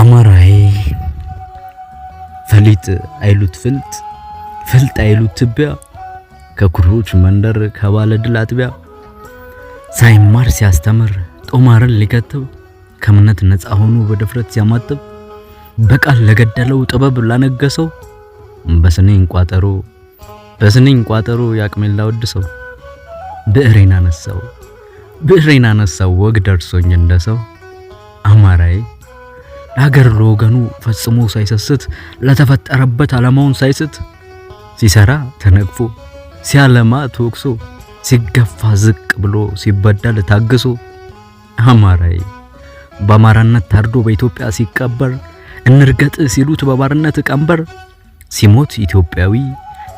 አማራዬ ፈሊጥ አይሉት ፍልጥ ፍልጥ አይሉት ትቢያ ከኩሮች መንደር ከባለ ድል አጥቢያ ሳይማር ሲያስተምር ጦማርን ሊከትብ ከእምነት ነፃ ሆኖ በድፍረት ሲያማጥብ በቃል ለገደለው ጥበብ ላነገሰው በስንኝ ቋጠሮ በስንኝ ቋጠሮ ያቅሜን ላወድሰው ብዕሬን አነሳው ብዕሬን አነሳው ወግ ደርሶኝ እንደሰው አማራዬ ለሀገር ለወገኑ ፈጽሞ ሳይሰስት ለተፈጠረበት ዓላማውን ሳይስት ሲሰራ ተነግፎ ሲያለማ ተወቅሶ ሲገፋ ዝቅ ብሎ ሲበደል ታግሶ አማራይ በአማራነት ታርዶ በኢትዮጵያ ሲቀበር እንርገጥ ሲሉት በባርነት ቀንበር ሲሞት ኢትዮጵያዊ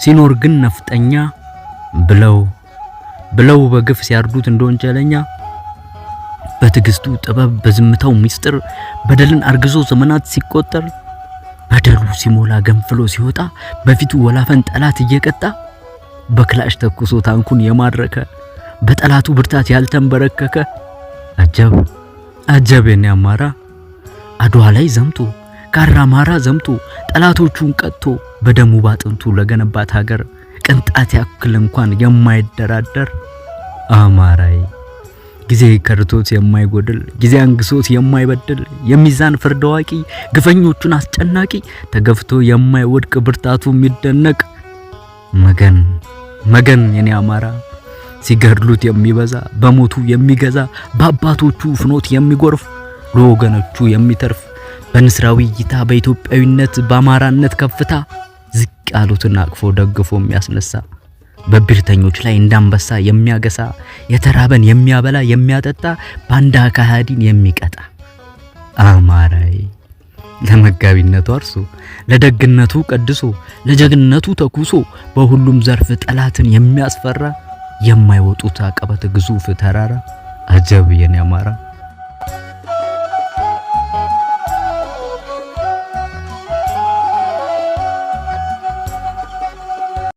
ሲኖር ግን ነፍጠኛ ብለው ብለው በግፍ ሲያርዱት እንደ ወንጀለኛ በትዕግስቱ ጥበብ፣ በዝምታው ምስጢር በደልን አርግዞ ዘመናት ሲቆጠር በደሉ ሲሞላ ገንፍሎ ሲወጣ በፊቱ ወላፈን ጠላት እየቀጣ በክላሽ ተኩሶ ታንኩን የማረከ በጠላቱ ብርታት ያልተንበረከከ አጀብ አጀብ የኔ አማራ አድዋ ላይ ዘምቶ ካራ ማራ ዘምቶ ጠላቶቹን ቀጥቶ በደሙ ባጥንቱ ለገነባት ሀገር ቅንጣት ያክል እንኳን የማይደራደር አማራይ ጊዜ ከርቶት የማይጎድል ጊዜ አንግሶት የማይበድል የሚዛን ፍርድ አዋቂ ግፈኞቹን አስጨናቂ ተገፍቶ የማይወድቅ ብርታቱ የሚደነቅ መገን መገን የኔ አማራ ሲገድሉት የሚበዛ በሞቱ የሚገዛ በአባቶቹ ፍኖት የሚጎርፍ ለወገኖቹ የሚተርፍ በንስራዊ እይታ በኢትዮጵያዊነት በአማራነት ከፍታ ዝቅ ያሉትን አቅፎ ደግፎ የሚያስነሳ በብርተኞች ላይ እንዳንበሳ የሚያገሳ የተራበን የሚያበላ የሚያጠጣ ባንዳ ካሃዲን የሚቀጣ አማራይ ለመጋቢነቱ አርሶ ለደግነቱ ቀድሶ ለጀግንነቱ ተኩሶ በሁሉም ዘርፍ ጠላትን የሚያስፈራ የማይወጡት አቀበት ግዙፍ ተራራ አጀብ የኔ አማራ